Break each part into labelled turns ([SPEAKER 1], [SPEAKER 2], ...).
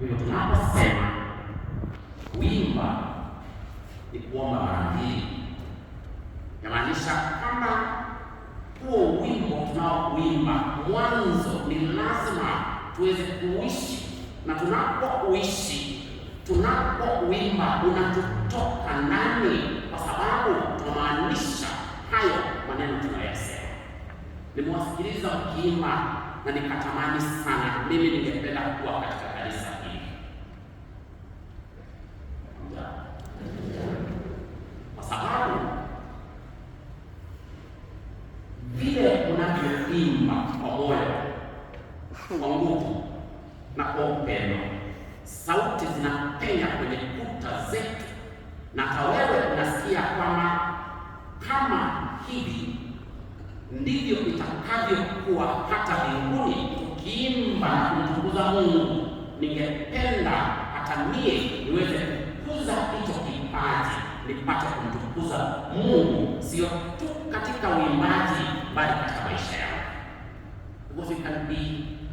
[SPEAKER 1] Hivyo tunaposema kuimba ni kuomba mara mbili, namaanisha kama huo wimbo kuimba mwanzo, ni lazima tuweze kuishi, na tunapokuishi, tunapokuimba unatutoka nani kwa sababu tunamaanisha hayo maneno tunayosema. Nimewasikiliza ukiimba na nikatamani sana, mimi ningependa kuwa katika kanisa kuimba kwa moyo kwa nguvu na kwa upendo. Sauti zinapenya kwenye kuta zetu, na kawewe unasikia kwamba kama hivi ndivyo itakavyokuwa hata mbinguni tukiimba na kumtukuza Mungu. Ningependa hata mie niweze kukuza hicho kipaji nipate kumtukuza Mungu, sio tu katika uimbaji bali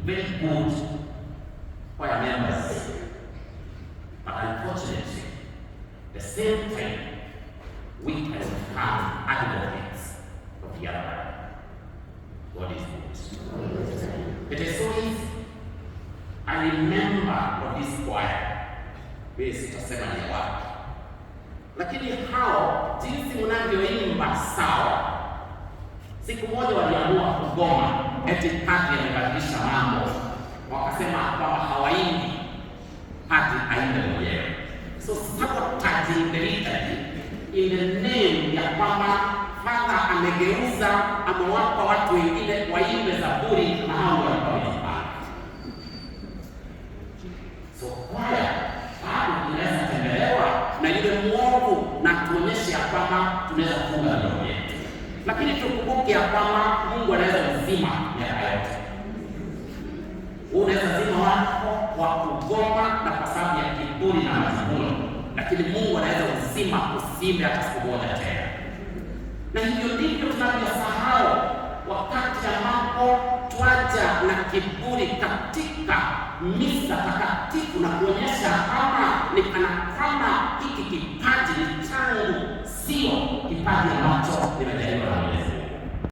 [SPEAKER 1] very é a choir mas, infelizmente, unfortunately, the same thing we as have advocates of the other one. God is good. It is so easy. I remember of this choir based on work. Lakini hao jinsi mnavyoimba sawa Siku moja waliamua kugoma, eti hati yamebadilisha mambo, wakasema kwamba hawaingi hati aende mwenyewe. So sabotage ile imeneu ya kwamba Father amegeuza, amewapa watu wengine waimbe Zaburi na hao walikuwa So kwaya bado inaweza tembelewa na yule mwovu na tuonyeshe ya kwamba tunaweza kufunga lakini tukumbuke ya kwamba Mungu anaweza kuzima miaka yote. Unaweza zima wako wa kugoma na kwa sababu ya kiburi na majivuno, lakini Mungu anaweza kuzima usime hata siku moja tena. Na hivyo ndivyo tunavyosahau wakati ambapo twaja na kiburi katika misa takatifu na kuonyesha kama ni kana kama hiki kipaji ni changu, sio kipaji ambacho nimele